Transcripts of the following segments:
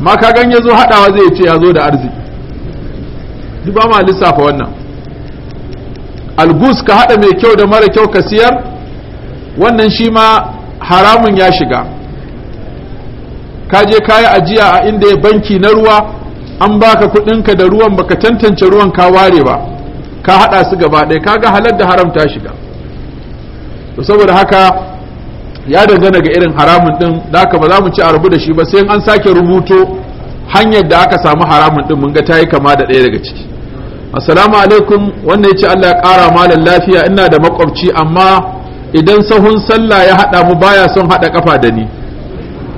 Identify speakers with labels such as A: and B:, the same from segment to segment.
A: ma ka gan ya zo haɗawa zai ce ya zo da arziki duk ba ma lissafa wannan algus ka haɗa mai kyau da mara kyau ka siyar wannan shi ma haramun ya shiga ka je ka yi ajiya a inda ya banki na ruwa an baka kuɗinka da ruwan baka tantance ruwan ka ware ba ka haɗa su gaba ɗaya kaga halar da haramta shiga saboda haka ya dangana ga irin haramun din da haka ba za mu ci a rubu da shi ba sai an sake rubuto hanyar da aka samu haramun din mun ga ta yi kama da ɗaya daga ciki assalamu alaikum wannan yace Allah ya ƙara malan lafiya ina da makwabci amma idan sahun sallah ya haɗa mu baya son haɗa kafa da ni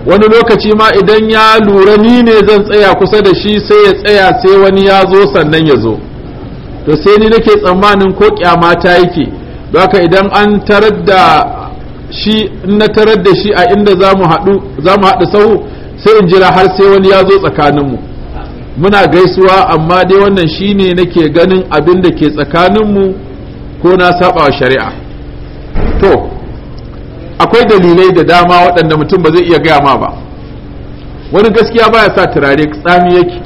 A: wani lokaci ma idan ya lura ni ne zan tsaya kusa da shi sai ya tsaya sai wani ya zo sannan ya zo to sai ni nake tsammanin ko kyama ta yake haka idan an tarar da shi in na tarar da shi a inda za mu haɗu sau sai in jira har sai wani ya zo tsakaninmu muna gaisuwa amma dai wannan shi ne nake ganin abin da ke tsakaninmu ko na saba wa shari'a to akwai dalilai da dama waɗanda mutum ba zai iya gaya ma ba wani gaskiya baya sa turare tsami yake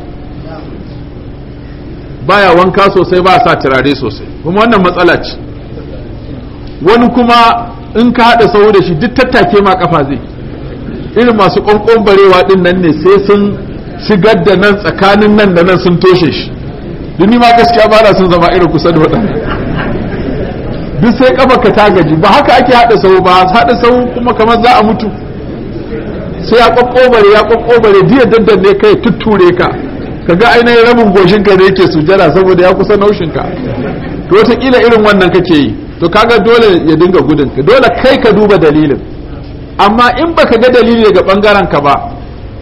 A: baya wanka sosai ba sa turare sosai kuma wannan matsala ce wani kuma in ka haɗa sahu da shi duk tattake ma ƙafa zai irin masu ƙwanƙwanbarewa ɗin nan ne sai sun shigar da nan tsakanin nan da nan sun toshe shi duk ni ma gaskiya ba sun zama irin kusa da waɗanda duk sai ƙafa ka ta gaji ba haka ake haɗa sahu ba haɗa sahu kuma kamar za a mutu sai ya ƙwaƙƙobare ya ƙwaƙƙobare diya ne kai tutture ka Ka ga ainihin rabin goshinka da yake sujada saboda ya kusa naushinka to wataƙila irin wannan kake yi to kaga dole ya dinga gudun ka dole kai ka duba dalilin amma in baka ga dalili daga bangaren ka ba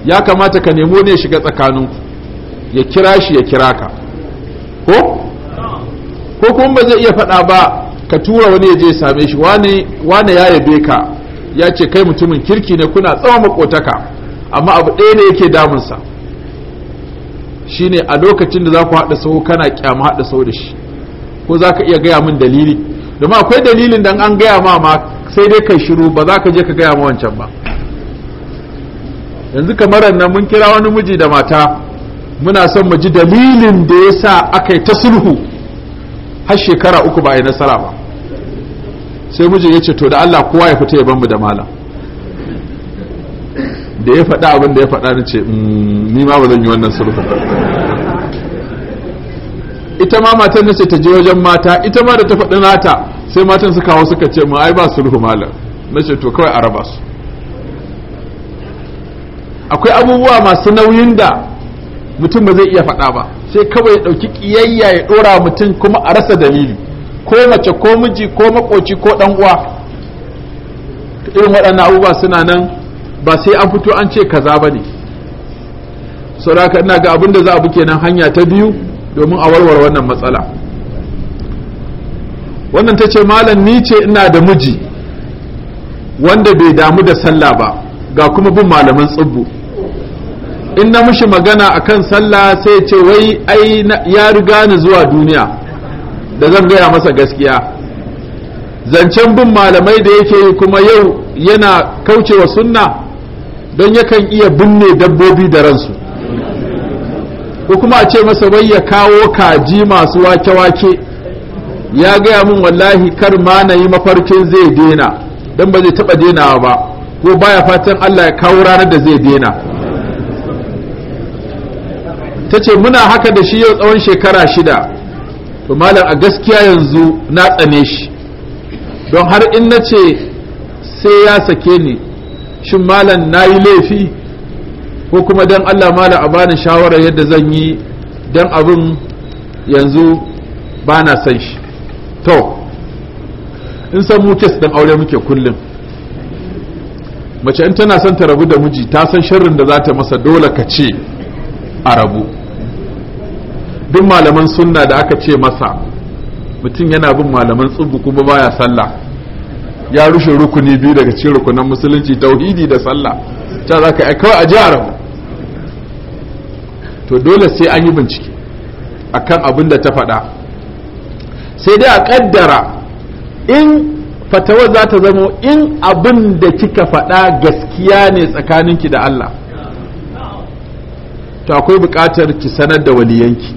A: ya kamata ka nemo ne shiga tsakanin ku. ya kira shi ya kira ka ko ko kuma ba zai iya faɗa ba ka tura wani ya je ya same shi wane ya yabe ka ya ce kai mutumin kirki ne kuna tsawon makotaka amma abu ɗaya ne yake damunsa shine a lokacin da za ku haɗa sau kana kyama haɗa sau da shi ko za ka iya gaya min dalili domin akwai dalilin dan an gaya ma ma sai dai kai shiru ba za ka je ka gaya ma wancan ba yanzu kamar nan mun kira wani miji da mata muna son mu ji dalilin da ya sa aka yi ta sulhu har shekara uku ba a yi nasara ba sai mijin ya ce to da Allah kowa ya fita ya ban mu da malam da ya faɗa abin da ya faɗa ni ce mm, ni ma ba zan yi wannan sulhu ba ita ma matan ce ta je wajen mata ita ma da ta faɗi nata sai matan su kawo suka ce mu ai ba su ruhu malam nace to kawai a raba su akwai abubuwa masu nauyin da mutum ba zai iya faɗa ba sai kawai ya ɗauki ƙiyayya ya ɗora mutum kuma a rasa dalili ko mace ko miji ko makoci ko ɗan uwa irin waɗannan abubuwa suna nan ba sai an fito an ce kaza ba ne saboda ina ga abin da za a buke nan hanya ta biyu domin a warware wannan matsala wannan ta ce malam ni ce ina da miji wanda bai damu da sallah ba ga kuma bin malaman tsibbu in na mushi magana akan sallah sai ce wai ai ya riga ni zuwa duniya da zan gaya masa gaskiya zancen bin malamai da yake kuma yau yana kaucewa sunna don yakan iya binne dabbobi da ransu ko kuma a ce masa wai ya kawo kaji masu wake-wake ya gaya min wallahi kar ma na yi mafarkin zai dena don ba zai taɓa denawa ba ko baya fatan Allah ya kawo ranar da zai dena ta ce muna haka da shi yau tsawon shekara shida to malam a gaskiya yanzu na tsane shi don har in na ce sai ya sake ni shin malam na yi laifi ko kuma dan Allah mala a bani shawarar yadda zan yi dan abin yanzu ba na san shi to in san mu kes dan aure muke kullum mace in tana son ta rabu da miji ta san sharrin da za ta masa dole ka ce a rabu duk malaman sunna da aka ce masa mutum yana bin malaman tsubu kuma baya sallah ya rushe rukuni biyu daga cikin rukunan musulunci tauhidi da sallah ta za ka kawai a ji a to dole sai an yi bincike akan abin da ta faɗa sai dai a ƙaddara in fatawar za ta zamo in abin da kika faɗa gaskiya ne tsakaninki da Allah to akwai buƙatar ki sanar da waliyanki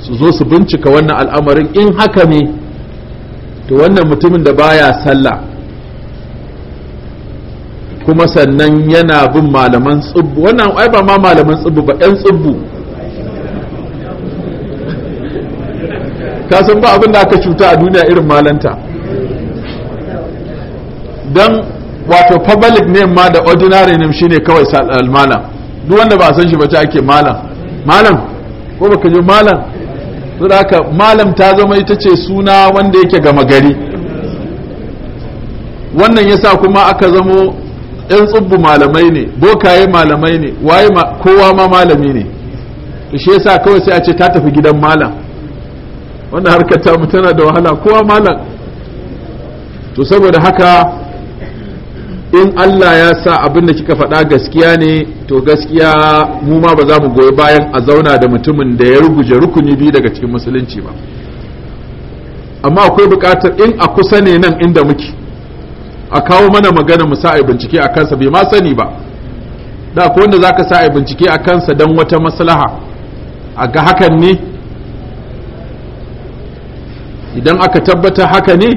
A: su zo su bincika wannan al'amarin in haka ne to wannan mutumin da baya sallah kuma sannan yana bin malaman tsibbu wannan ai ba ma malaman tsibbu ba yan tsibbu ka san ba abin da aka cuta a duniya irin malanta don wato public name ma da ordinary name shine kawai malam duk wanda ba san shi ba ta ake malam malam ko baka je malam saboda haka malam ta zama ita ce suna wanda yake gama gari wannan yasa kuma aka zamo yan tsubbu malamai ne bokaye malamai ne waye kowa ma malami ne to shi yasa kawai sai a ce ta tafi gidan malam wannan harkar ta tana da wahala kowa malam to saboda haka in Allah ya sa abin da kika faɗa gaskiya ne to gaskiya mu ma ba za mu goyi bayan a zauna da mutumin da ya ruguje rukuni biyu daga cikin musulunci ba amma akwai buƙatar in a kusa ne nan inda muke a kawo mana magana mu sa bincike a kansa bai ma sani ba da ko wanda zaka sa a bincike a kansa dan wata maslaha a ga hakan ne idan aka tabbata haka ne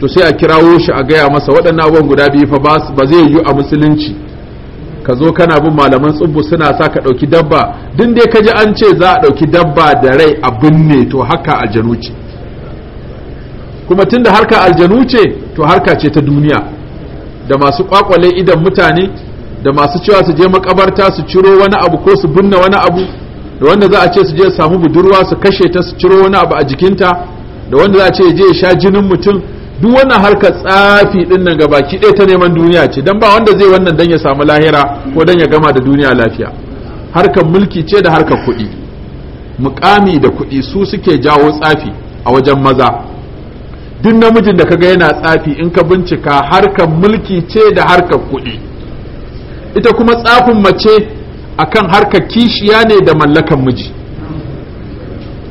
A: to sai a kirawo shi a gaya masa waɗannan abubuwan guda biyu fa ba zai yiwu a musulunci ka zo kana bin malaman tsubbu suna sa ka ɗauki dabba din dai ka ji an ce za a ɗauki dabba da rai a binne to haka aljanu ce kuma tunda harka aljanu ce to harka ce ta duniya da masu kwakwale idan mutane da masu cewa su je makabarta su ciro wani abu ko su binne wani abu da wanda za a ce su je samu budurwa su kashe ta su ciro wani abu a jikinta da wanda za a ce je ya sha jinin mutum duk wannan harkar tsafi din nan ki ɗaya ta neman duniya ce dan ba wanda zai wannan dan ya samu lahira ko dan ya gama da duniya lafiya harkar mulki ce da harkar kuɗi mukami da kuɗi su suke jawo tsafi a wajen maza duk namijin da kaga yana tsafi in ka bincika harkar mulki ce da harkar kuɗi ita kuma tsafin mace akan harkar kishiya ne da mallakan miji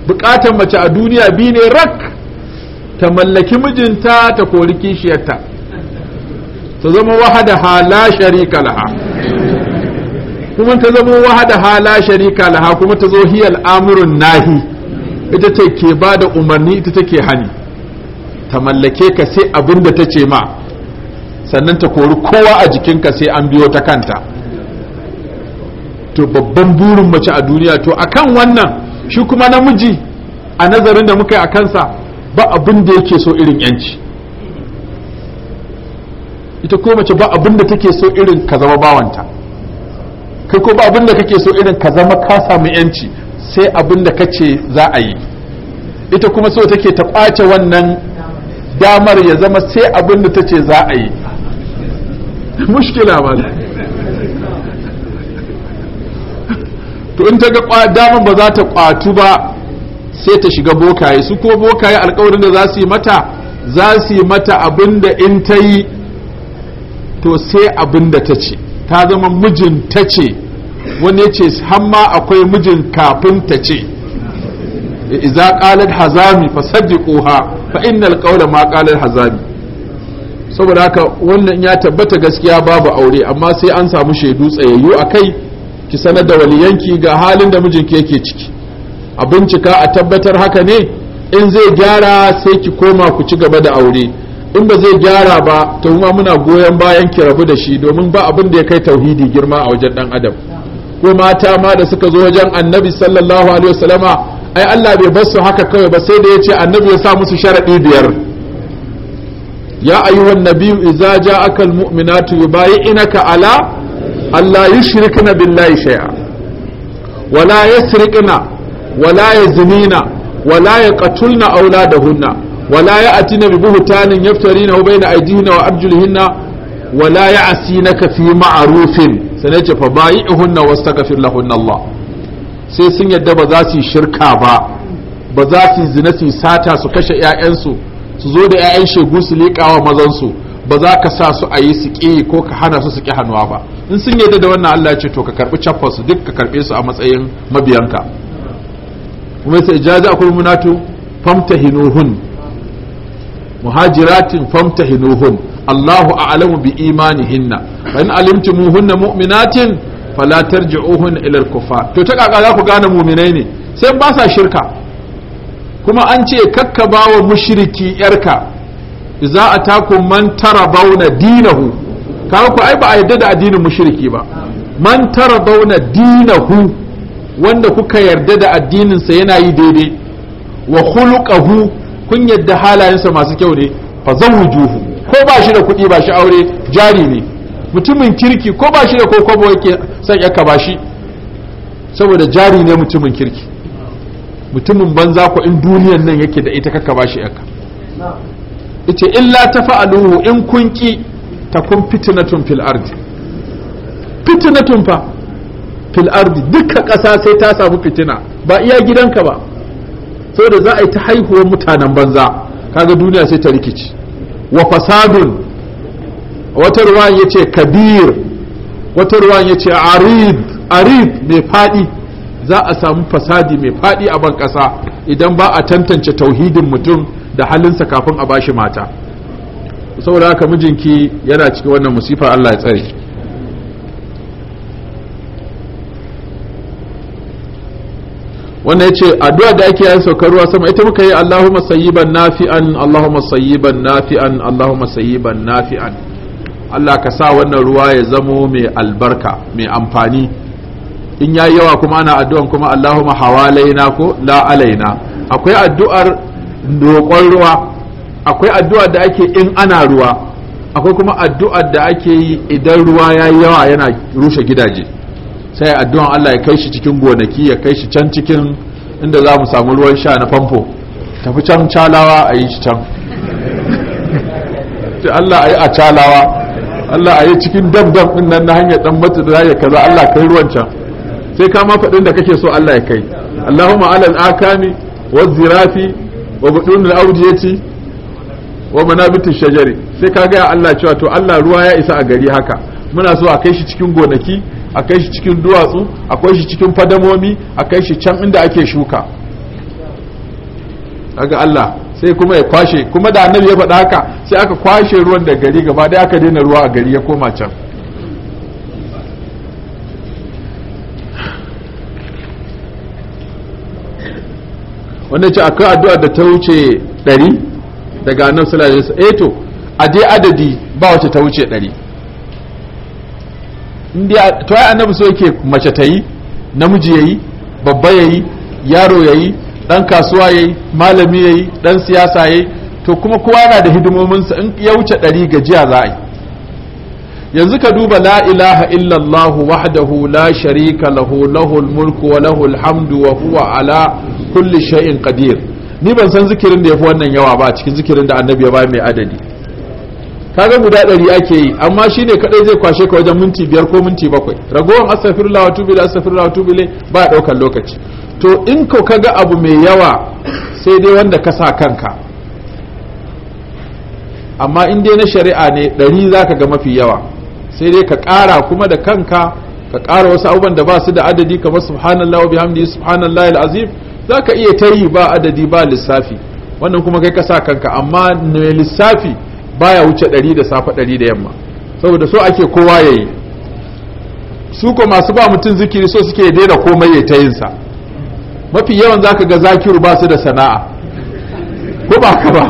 A: bukatar mace a duniya biyu ne rak ta mallaki mijinta ta kori kishiyarta ta zama wahada hala sharika laha kuma ta zama wahada hala sharika laha kuma ta zo hiyal amurun nahi ita take ba da umarni ita take hani ta mallake ka sai abin da ta ce ma sannan ta kori kowa a jikinka sai an biyo ta kanta to babban burin mace a duniya to akan wannan shi kuma namiji a nazarin da muka yi a kansa ba abin da yake so irin yanci ita ko mace ba abin da take so irin ka zama bawanta kai ko ba abin da kake so irin ka zama ka samu yanci sai abin da kace za a yi ita kuma so take ta kwace wannan damar ya zama sai abin da ta ce za a yi mushkila ba to in ta ga damar ba za ta kwatu ba sai ta shiga bokaye su ko bokaye alkawarin da za su yi mata za su yi mata abin da in ta yi to sai abin da ta ce ta zama mijin ta ce wani ce hamma akwai mijin kafin ta ce iza qalat hazami fasaddiquha fa innal qawla ma qala al-hazabi saboda haka wannan ya tabbata gaskiya babu aure amma sai an samu shaidu tsayayyu a kai ki sanar da waliyanki ga halin da mijinki yake ciki a bincika a tabbatar haka ne in zai gyara sai ki koma ku ci gaba da aure in ba zai gyara ba to kuma muna goyon bayan ki rabu da shi domin ba abin da ya kai tauhidi girma a wajen dan adam ko mata ma da suka zo wajen annabi sallallahu alaihi wasallama ai Allah bai bar su haka kawai ba sai da ya ce annabi ya sa musu sharaɗi biyar ya ayyuhan nabiyyu idza ja'aka almu'minatu yubayi'unaka ala alla yushrikna billahi shay'a wala yasriqna wala ya yazmina wala da hunna wala ya ya'tina bi buhtanin yaftarinahu bayna aydihinna wa arjulihinna wala ya ya'sinaka fi ma'rufin sanai ce fa bayi'hunna wastaghfir lahunna Allah sai sun yadda ba za su yi shirka ba ba za su zina su yi sata su kashe 'ya'yansu su zo da 'ya'yan shegu su liƙawa mazansu ba za ka sa su a yi su ƙi ko ka hana su su ƙi hannuwa ba in sun yadda da wannan Allah ce to ka karɓi caffar su duk ka karɓe su a matsayin mabiyanka kuma sai ijaza akwai munatu famtahinuhun muhajiratin famtahinuhun Allahu a'lamu bi imanihinna fa in alimtumuhunna mu'minatin fala ji'uhun ilar kufa to ta kaka za ku gane muminai ne sai ba sa shirka kuma an ce kakka wa mushiriki yarka za a taku man bauna dinahu kaga ku ai ba a yadda da addinin mushiriki ba man bauna dinahu wanda kuka yarda da addininsa yana yi daidai wa hulukahu kun yadda halayensa masu kyau ne fa zawujuhu ko ba shi da kuɗi ba shi aure jari ne mutumin kirki ko ba shi da ko kwabo yake son yaka ba shi saboda jari ne mutumin kirki mutumin banza ko in duniyan nan yake da ita kaka ba shi yaka ita illa ta fa'aluhu in kunki ta kun fitnatun fil ardi fitnatun fa fil ardi duka ƙasa sai ta samu fitina ba iya gidanka ba saboda za a yi ta haihuwar mutanen banza kaga duniya sai ta rikici wa fasadun wata ruwan ya ce kabir wata ruwan ya ce arid arid mai faɗi za a samu fasadi mai faɗi a ban ƙasa idan ba a tantance tauhidin mutum da halinsa kafin a bashi mata saboda haka mijinki yana cikin wannan musifar Allah ya tsare wannan ya ce addu'a da ake yin saukar ruwa sama ita muka yi Allahumma sayyiban nafi'an Allahumma sayyiban nafi'an Allahumma sayyiban nafi'an Allah ka sa wannan ruwa ya zamo mai albarka mai amfani in ya yawa kuma ana addu'an kuma Allahumma hawalaina ko la alaina akwai addu'ar roƙon ruwa akwai addu'ar da ake in ana ruwa akwai kuma addu'ar da ake yi idan ruwa ya yawa yana rushe gidaje sai addu'an Allah ya kai shi cikin gonaki ya kai shi can cikin inda za mu samu ruwan sha na famfo tafi can calawa a yi shi can Allah a yi a calawa Allah a yi cikin dabdab din nan na hanyar dan mata da ya kaza Allah kai ruwan can sai ka ma faɗin da kake so Allah ya kai Allahumma alal akami wa zirafi wa ya awjiyati wa manabitu shajari sai ka ga Allah cewa to Allah ruwa ya isa a gari haka muna so a kai shi cikin gonaki a kai shi cikin duwatsu a kai shi cikin fadamomi a kai shi can inda ake shuka kaga Allah sai kuma ya kwashe kuma da annabi ya faɗa haka sai aka kwashe ruwan da gari gaba da aka daina ruwa a gari ya koma can wanda ce akwai addu'a da ta wuce ɗari daga annabi sallallahu alaihi wasallam eh to a je adadi ba wacce ta wuce ɗari indiya to ai annabi so yake mace ta yi namiji yayi babba yayi yaro yayi dan kasuwa yayi malami yayi dan siyasa yayi to kuma kowa na da hidimomin sa in ya wuce ɗari gajiya za a yi yanzu ka duba la ilaha illallah wahdahu la sharika lahu lahul mulku wa lahul hamdu wa huwa ala kulli shay'in qadir ni ban san zikirin da yafi wannan yawa ba cikin zikirin da annabi ya ba mai adadi kaga guda ɗari ake yi amma shi ne kaɗai zai kwashe ka wajen minti biyar ko minti bakwai ragowar astaghfirullah wa tubi astaghfirullah wa tubi ba ɗaukar lokaci to in ko kaga abu mai yawa sai dai wanda ka sa kanka amma in dai na shari'a ne ɗari za ka ga mafi yawa sai dai ka ƙara kuma da kanka ka ƙara wasu abubuwan da ba su da adadi kamar subhanallah wa bihamdihi subhanallah al'azim za ka iya ta yi ba adadi ba lissafi wannan kuma kai ka sa kanka amma mai lissafi baya wuce ɗari da safe ɗari da yamma saboda so ake kowa ya yi su ko masu ba mutum zikiri so suke daina komai ya ta yinsa mafi yawan zaka ga zakiru ba su da sana'a ko ba ka ba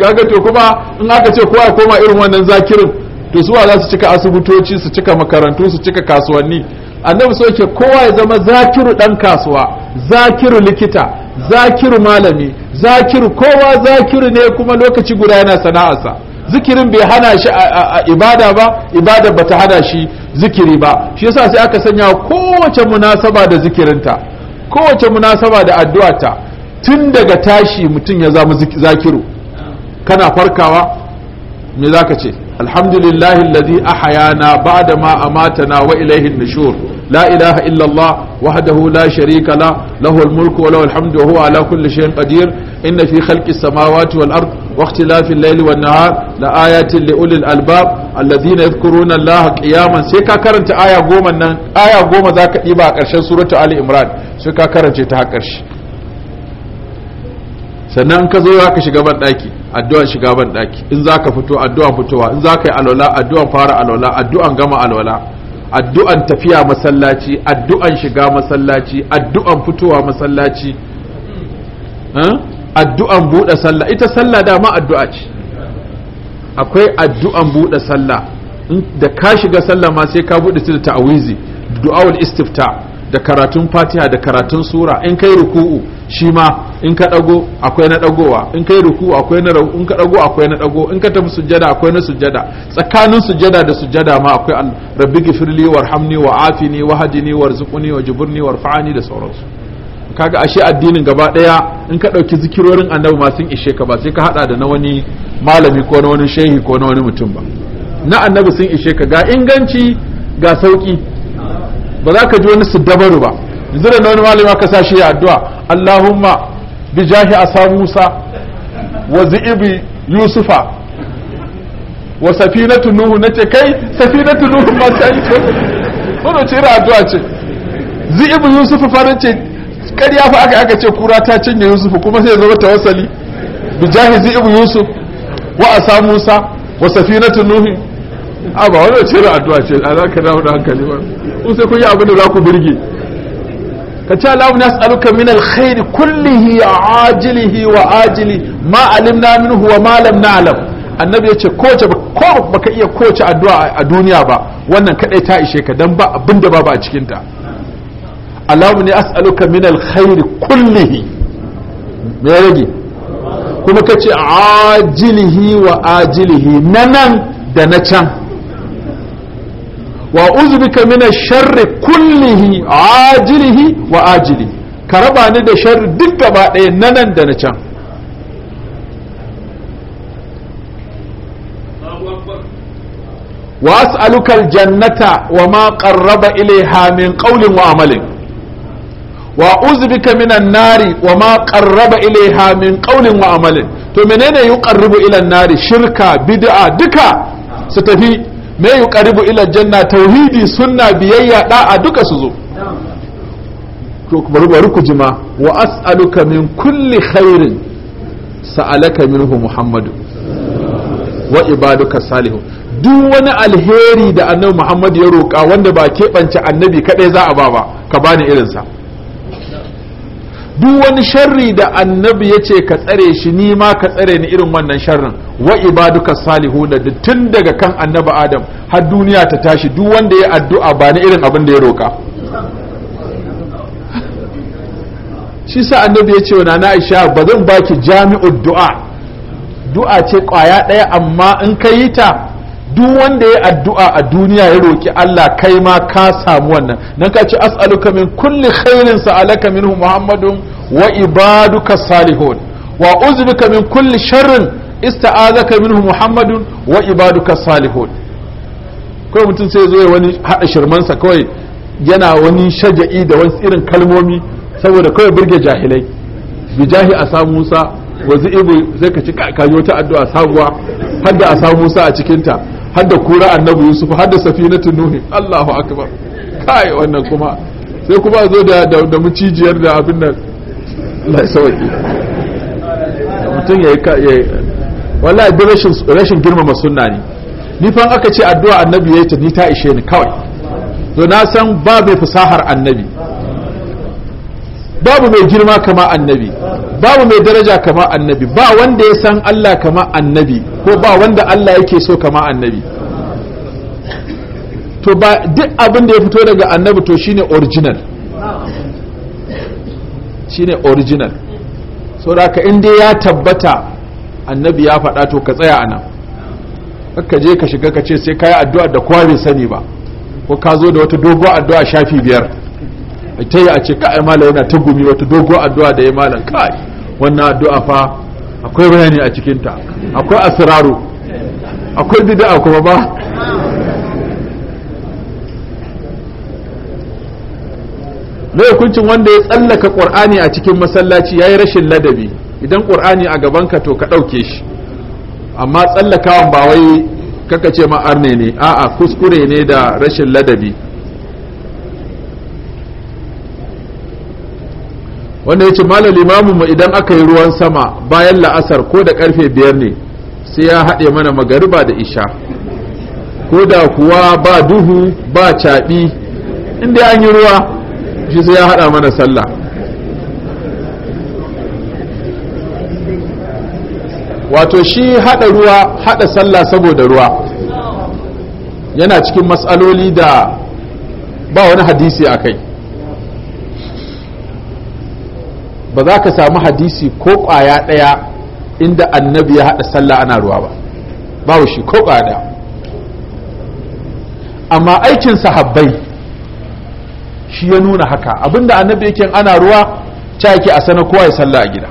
A: kaga to kuma in aka ce kowa ya koma irin wannan zakirin to suwa za su cika asibitoci su cika makarantu su cika kasuwanni annabi so ke kowa ya zama zakiru dan kasuwa zakiru likita zakiru malami zakiru kowa zakiru ne kuma lokaci guda yana sana'arsa zikirin bai hana shi a ibada ba ibada ba ta hana shi zikiri ba shi yasa sai aka sanya kowace munasaba da zikirinta kowace munasaba da addu'arta tun daga tashi mutum ya zama zakiru kana farkawa me zaka ce a haya na ba'da ma amatana wa ilayhi an-nushur la ilaha illa allah wahdahu la sharika la lahu al-mulku wa lahu al wa huwa ala kulli shay'in qadir inna fi khalqis samawati wal ard wa ikhtilafil layli wan nahar la ayatin li ulil albab alladhina yadhkuruna allaha qiyaman sai ka karanta aya goma zaka ɗiba a karshen suratu ali imran sai ka karance ta sannan ka shiga ban addu'an shiga ban in zaka fito addu'an fitowa in zaka yi alwala addu'an fara alola addu'an gama alwala addu'an tafiya masallaci addu'an shiga masallaci addu'an fitowa masallaci addu'an buɗe sallah ita sallah dama addu'a ce akwai addu'an buɗe sallah da ka shiga sallah ma sai ka buɗe da ta'awizi Du'awar istifta da karatun fatiha da karatun sura in kai ruku'u shi ma in ka ɗago akwai na ɗagowa in kai ruku'u akwai na ɗago in ka ɗago akwai na ɗago in ka tafi sujjada akwai na sujjada tsakanin sujada da sujada ma akwai rabbi gifirli warhamni wa afini wa hadini warzuqni wa jiburni warfa'ani da sauransu kaga ashe addinin gaba daya in ka dauki zikirorin annabi ma sun ishe ka ba sai ka hada da na wani malami ko na wani shehi ko na wani mutum ba na annabi sun ishe ka ga inganci ga sauki ba za ka ji wani su dabaru ba yanzu da wani malami ka sa shi addu'a Allahumma bi jahi asa Musa wa zibi Yusufa wa safinatu Nuhu nace kai safinatu Nuhu ma sai wannan ce addu'a ce zibi Yusufa fa nace ya fa aka aka ce kura ta cinye yusuf kuma sai ya zama tawassali bi jahizi ibn yusuf wa asa musa wa safinatu nuhi a ba wani ce addu'a ce a za ka dawo da hankali ba sai kun yi abin da za ku birge ka ce Allahu nas'aluka min alkhairi kullihi ajilihi wa ajili ma alimna minhu wa ma lam na'lam annabi ya ce ko baka iya kowace addu'a a duniya ba wannan kadai ta ishe ka dan ba abinda babu a cikinta. Allahumma ni as'aluka min alkhairi kullihi me rage kuma kace ajilihi wa ajilihi nanan da na can wa uzbika min sharri kullihi ajilihi wa ajilihi ka raba ni da sharri duk gaba ɗaya nanan da na can wa ma وما قرب اليها من wa amalin. wa uzbika minan nari wa ma qarraba ilaiha min qawlin wa amalin to menene yuqarribu ila nari shirka bid'a duka su tafi me yuqarribu ila janna tauhidi sunna biyayya da'a duka su zo to bari bari ku jima wa as'aluka min kulli khairin sa'alaka minhu muhammadu wa ibaduka salihu duk wani alheri da annabi muhammad ya roƙa wanda ba keɓance annabi kaɗai za a ba ba ka bani irinsa duk wani sharri da annabi ya ce ka tsare shi ni ma ka tsare ni irin wannan sharrin wa ibaduka salihuna da tun daga kan annabi adam har duniya ta tashi duk wanda ya addu'a ba ni irin abin da ya roka shi sa annabi ya ce wa nana aisha ba zan baki jami'ud du'a du'a ce kwaya ɗaya amma in ka yi ta duk wanda ya addu'a a duniya ya roki Allah kai ma ka samu wannan nan ka ce as'aluka min kulli khairin sa'alaka minhu muhammadun wa ibaduka salihun wa uzbika min kulli sharrin ista'azaka minhu muhammadun wa ibaduka salihun kawai mutum sai zo ya wani hada shirmansa kawai yana wani shaja'i da wasu irin kalmomi saboda kawai burge jahilai jahi a samu musa wazi ibu zai ka ci wata addu'a sabuwa har da a samu musa a cikinta Hadda kura annabi yusuf hadda safinatun nuhi allahu akbar kai wannan kuma sai kuma a zo da da mucijiyar da abin nan lai sauki mutum ya yi wallahi da rashin girmama sunna ne ni fa aka ce addu'a annabi yayi ta ni ta ishe ni kawai to na san babu fasahar annabi babu mai girma kama annabi babu mai daraja kama annabi ba wanda ya san Allah kama annabi ko ba wanda Allah yake so kama annabi to ba duk abin da ya fito daga annabi to shine original shine original so da ka inda ya tabbata annabi ya faɗa to ka tsaya anan ka je ka shiga ka ce sai ka yi addu'a da kowa bai sani ba ko ka zo da wata dogo addu'a shafi biyar ta yi a ce ka ai yana ta gumi wata dogo addu'a da ya malam kai wannan addu'a fa akwai bayani a cikinta akwai asiraru akwai bid'a kuma ba na hukuncin wanda ya tsallaka ƙur'ani a cikin masallaci ya yi rashin ladabi idan ƙur'ani a gabanka to ka ɗauke shi amma tsallakawan ba wai kaka ce ma arne ne a'a kuskure ne da rashin ladabi wanda yace malam limamin mu idan aka yi ruwan sama bayan la'asar ko da karfe biyar ne sai ya haɗe mana magariba da isha ko da kuwa ba duhu ba caɓi inda an yi ruwa shi sai ya haɗa mana sallah wato shi haɗa ruwa haɗa sallah saboda ruwa yana cikin matsaloli da ba wani hadisi a kai ba za ka samu hadisi ko kwaya ɗaya inda annabi ya haɗa sallah ana ruwa ba Bawo shi ko ƙwaya ɗaya amma aikin sahabbai shi ya nuna haka abinda annabi yake ana ruwa ta yake a sana kowa ya sallah a gida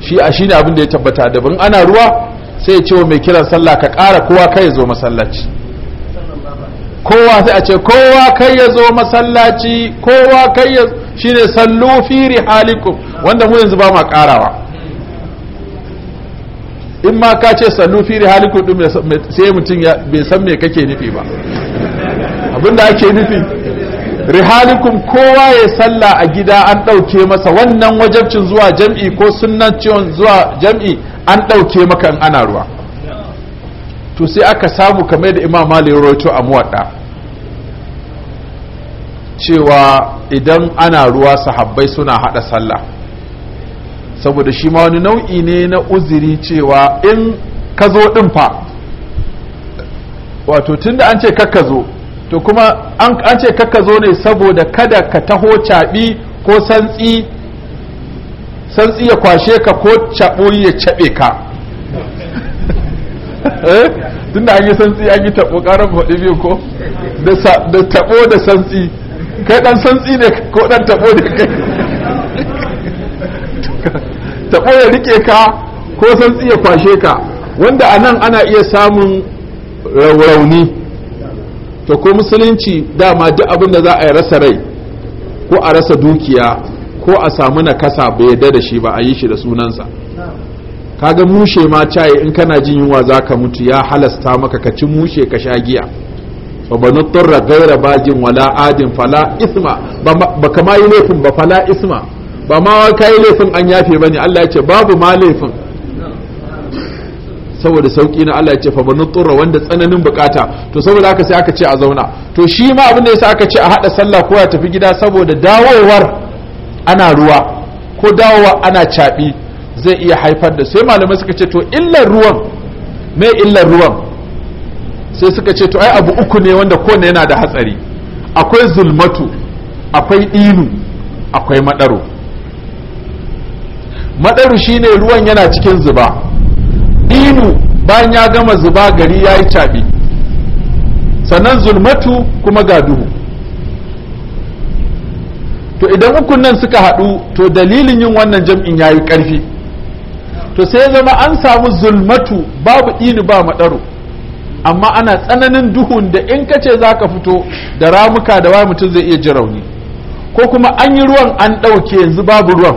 A: shi a shine ne da ya tabbata bin ana ruwa sai ya ce wa mai kiran sallah ka ƙara kowa kai ya zo masallaci kowa sai a ce kowa kai ya zo masallaci kowa kai ya shine sallu fi rihalikum wanda mu yanzu ba ma karawa in ma ka ce sallu fi rihalikum din sai mutum bai san me kake nufi ba abinda ake nufi Rihalikun kowa ya salla a gida an ɗauke masa wannan wajabcin zuwa jam'i ko sunnan ciwon zuwa jam'i an ɗauke maka in ana ruwa to sai aka samu kamar da imam malik rawaito a muwadda cewa idan ana ruwa sahabbai suna hada sallah saboda shi ma wani nau'i ne na uzuri cewa in ka zo din fa wato tunda an ce kakka zo to kuma an ce kakka zo ne saboda kada ka taho caɓi ko santsi santsi ya kwashe ka ko caɓoyi ya caɓe ka eh? tunda an yi santsi an yi taɓo ƙarar faɗi biyu ko da taɓo da santsi kai dan santsi ne ko dan tabo ne kai tabo ya rike ka ko santsi ya kwashe ka wanda anan ana iya samun rauni to ko musulunci dama duk abin da za a yi rasa rai ko a rasa dukiya ko a samu nakasa bai yarda da shi ba a yi shi da sunansa kaga mushe ma caye in kana jin yunwa za ka mutu ya halasta maka ka ci mushe ka sha giya wa banu turra gaira bajin wala adin fala isma ba kama yi laifin ba fala isma ba ma wa kai laifin an yafe bane Allah ya ce babu ma laifin saboda sauki na Allah ya ce fa banu turra wanda tsananin bukata to saboda haka sai aka ce a zauna to shi ma abin da yasa aka ce a hada sallah ko ya tafi gida saboda dawowar ana ruwa ko dawowa ana caɓi zai iya haifar da sai malamai suka ce to illar ruwan me illar ruwan sai suka ce to ai abu uku ne wanda kowanne yana da hatsari akwai zulmatu akwai ɗinu akwai maɗaru madaro shine ruwan yana cikin zuba ɗinu bayan ya gama zuba gari ya yi caɓi sannan zulmatu kuma ga duhu to idan ukun nan suka haɗu to dalilin yin wannan jam'in ya yi ƙarfi to sai zama an samu zulmatu babu ɗinu ba madaro amma ana tsananin duhun da in ka ce za ka fito da ramuka da wa mutum zai iya ji rauni ko kuma an yi ruwan an ɗauke yanzu babu ruwan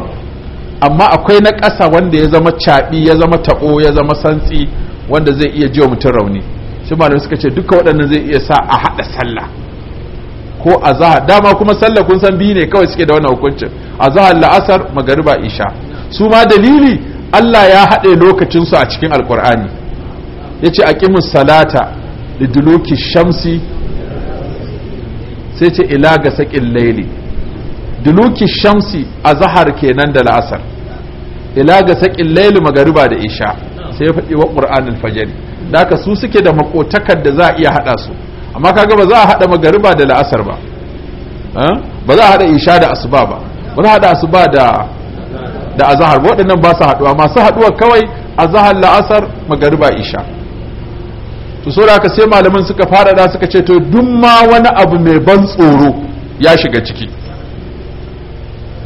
A: amma akwai na ƙasa wanda ya zama caɓi ya zama taɓo ya zama santsi wanda zai iya jiwa mutum rauni shi malam suka ce duka waɗannan zai iya sa a haɗa sallah ko a zaha dama kuma sallah kun san biyu ne kawai suke da wannan hukuncin a azahar la'asar magariba isha su ma dalili Allah ya haɗe lokacinsu a cikin alkur'ani Ya yace aqimus salata duloki shamsi sai ce ila ga saƙin laili duloki shamsi a zahar kenan da la'asar ila ga saƙin laili magariba da isha sai ya faɗi wa ƙur'anin fajari da su suke da makotakar da za a iya haɗa su amma kaga ba za a haɗa magariba da la'asar ba ba za a haɗa isha da asuba ba ba za a haɗa asuba da da azahar waɗannan ba su haɗuwa masu haɗuwa kawai azahar la'asar magariba isha to so da aka sai malamin suka fara da suka ce to duk ma wani abu mai ban tsoro ya shiga ciki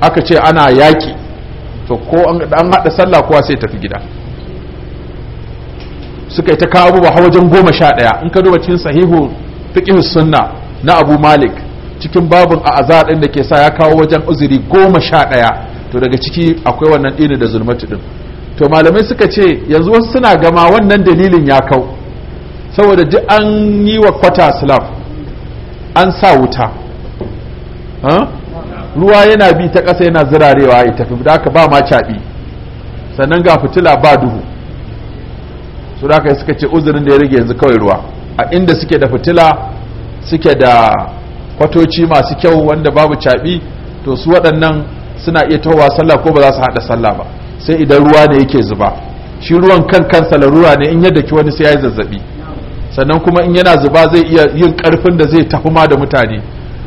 A: aka ce ana yaki to ko an haɗa sallah kowa sai tafi gida suka yi ta kawo abubuwa wajen goma sha ɗaya in ka duba cikin sahihu fiqh sunna na abu malik cikin babun a ɗin da ke sa ya kawo wajen uzuri goma sha ɗaya to daga ciki akwai wannan ɗini da zulmatu ɗin to malamai suka ce yanzu wasu suna gama wannan dalilin ya kau saboda duk an yi wa kwata slab an sa wuta ruwa yana bi ta ƙasa yana zirarewa ya tafi da aka ba ma caɓi sannan ga fitila ba duhu su da aka suka ce uzurin da ya rage yanzu kawai ruwa a inda suke da fitila suke da kwatoci masu kyau wanda babu caɓi to su waɗannan suna iya tawa sallah ko ba za su haɗa sallah ba sai idan ruwa ne yake zuba shi ruwan kan kansa larura ne in yadda ki wani sai ya yi zazzabi sannan kuma in yana zuba zai iya yin karfin da zai tafi ma da mutane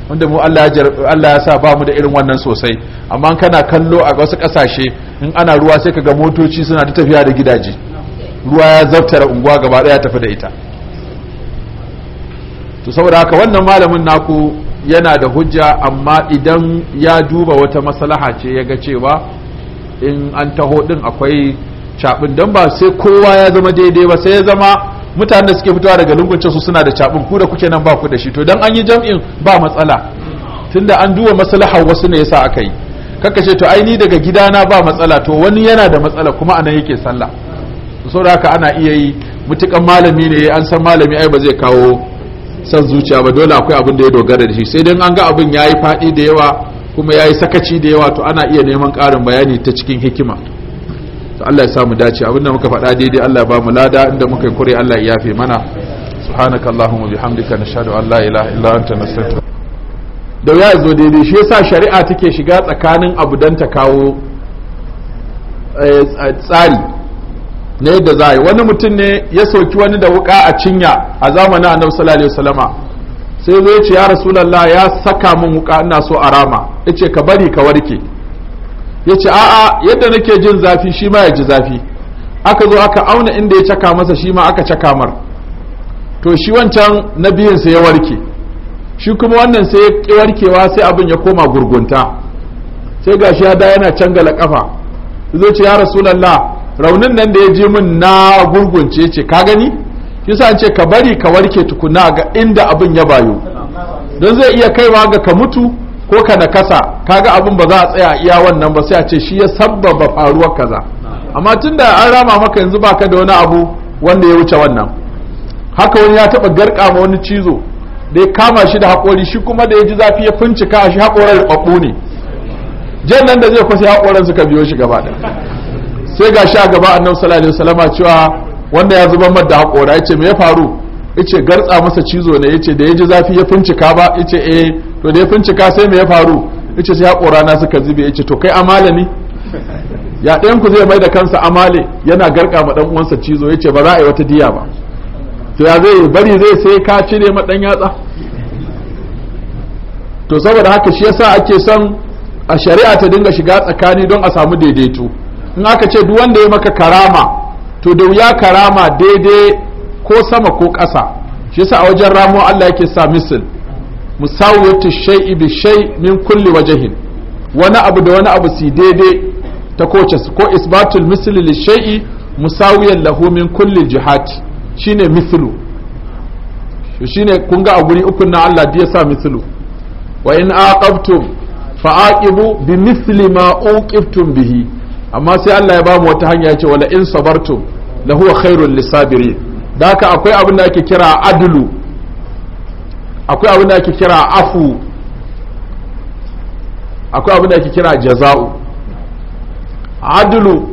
A: wanda mu Allah ya sa ba mu da irin wannan sosai amma kana kallo a wasu kasashe in ana ruwa sai ka ga motoci suna ta tafiya da gidaje ruwa ya zartara unguwa gaba daya tafi da ita to saboda haka wannan malamin naku yana da hujja amma idan ya duba wata maslaha ce ya ga cewa in an taho din akwai cabin don ba sai kowa ya zama daidai ba sai ya zama mutanen da suke fitowa daga lungunce su suna da cabin ku da kuke nan ba ku da shi to dan an yi jam'in ba matsala tunda an duba maslahar wasu ne yasa aka yi kaka to ai ni daga gidana ba matsala to wani yana da matsala kuma anan yake sallah da haka ana iya yi mutukan malami ne an san malami ai ba zai kawo san zuciya ba dole akwai abin da ya dogara da shi sai dan an ga abin yayi fadi da yawa kuma yayi sakaci da yawa to ana iya neman karin bayani ta cikin hikima to Allah ya samu dace abinda muka faɗa daidai Allah ba mu lada inda muka yi kure Allah ya yafe mana subhanakallahumma bihamdika nashhadu an la ilaha illa anta nastaghfiruka da ya zo daidai shi yasa shari'a take shiga tsakanin abu dan ta kawo eh, tsari na yadda za yi wani mutum ne ya soki wani da wuka a cinya a zamanin annabi sallallahu alaihi wasallama sai zai ya ce ya rasulullah ya saka min wuka ina so a rama yace ka bari ka warke ya ce a'a yadda nake jin zafi shi ma ya ji zafi aka zo aka auna inda ya caka masa shi ma aka caka mar to shi wancan na biyunsa ya warke shi kuma wannan sai ya ƙi warkewa sai abin ya koma gurgunta sai gashi ya da yana cangala kafa zo ce ya rasulallah raunin nan da ya ji min na gurgunce ce ka gani shi sa ce ka bari ka warke tukuna ga inda abin ya bayo don zai iya kaiwa ga ka mutu ko ka nakasa ga abin ba za a tsaya iya wannan ba sai a ce shi ya sabbaba faruwar kaza amma tun da an rama maka yanzu baka da wani abu wanda ya wuce wannan haka wani ya taba garka ma wani cizo da ya kama shi da haƙori shi kuma da ya ji zafi ya fincika shi haƙorar babbu ne jan nan da zai kwasi haƙoran suka biyo shi gaba da sai ga sha gaba annabi sallallahu alaihi wasallama cewa wanda ya zuba mada haƙora yace me ya faru yace gartsa masa cizo ne yace da ya ji zafi ya fincika ba yace eh to da ya bincika sai me ya faru yace sai kora na suka zube yace to kai Amala ne ya ɗayan ku zai mai da kansa amale yana garka ma dan uwansa cizo yace ba za a yi wata diya ba to ya zai bari zai sai ka cire ma dan yatsa to saboda haka shi yasa ake son a shari'a ta dinga shiga tsakani don a samu daidaito in aka ce duk wanda ya maka karama to da wuya karama daidai ko sama ko ƙasa shi yasa a wajen ramo Allah yake sa misil musawwatu shay'i bi shay min kulli wajhin wani abu da wani abu su daidai ta kowace ko isbatul misli li shay'i musawiyan lahu min kulli jihati shine mislu shine kun ga a guri uku na Allah da yasa mislu wa in aqabtum fa aqibu bi misli ma uqibtum bihi amma sai Allah ya bamu wata hanya yace wala in sabartum la huwa khairul lisabirin da haka akwai abin da ake kira adlu akwai abin da ake kira afu akwai abin da ake kira jaza'u adulu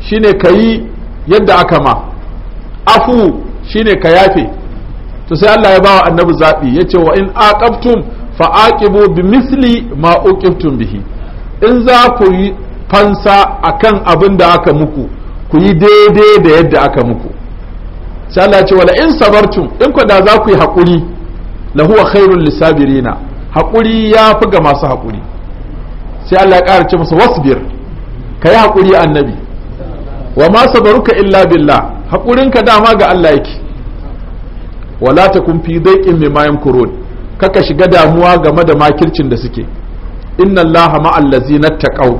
A: shine ka yi yadda aka ma afu shine ka yafe to sai Allah ya ba wa annabi zaɓi ya ce wa in aqabtum fa aqibu bi misli ma uqibtum bihi in za ku yi fansa akan abin da aka muku ku yi daidai da yadda aka muku sai Allah ya ce wala in sabartum in ku da za ku yi haƙuri lahuwa khairul lisabirina haƙuri ya fi ga masu haƙuri sai Allah ya ƙara ce masa wasbir ka yi haƙuri annabi wa ma sabaruka illa billah haƙurinka dama ga Allah yake wala takun fi daiqin mimma yamkurun kaka shiga damuwa game da makircin da suke inna allaha ma'al ladzina taqaw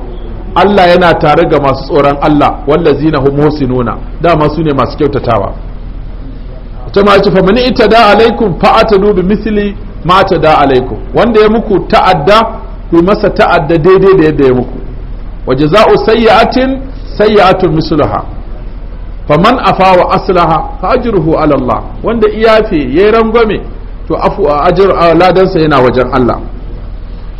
A: Allah yana tare ga masu tsoron Allah wallazina hum muhsinuna dama su ne masu kyautatawa ta ma ce famani ita da alaikum fa ata bi misli ma ta da alaikum wanda ya muku ta'adda ku masa ta'adda daidai da yadda ya muku wa jaza'u sayyi'atin sayyi'atun misluha faman afa wa aslaha fa ajruhu ala Allah wanda iyafe yayi rangwame to afu a ajr ladansa yana wajen Allah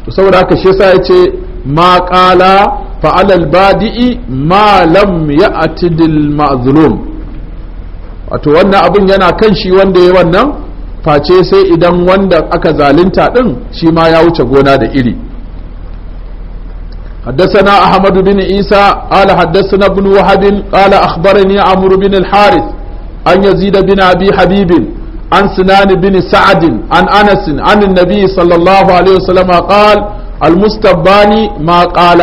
A: to saboda haka shi yasa yace ma qala fa alal badi'i ma lam ya'tidil ma'zulum wato wannan abin yana kan shi wanda ya wannan face sai idan wanda aka zalunta din shi ma ya wuce gona da iri حدثنا أحمد بن عيسى قال حدثنا ابن وهب قال أخبرني عمرو بن الحارث أن يزيد بن أبي حبيب عن سنان بن سعد عن أنس عن النبي صلى الله عليه وسلم قال المستباني ما قال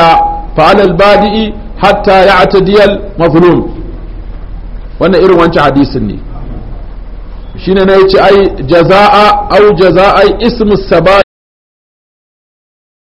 A: فعلى البادئ حتى يعتدي المظلوم wannan irin wancan hadisin ne shine na yace ai jaza'a au jaza'ai ismu sabai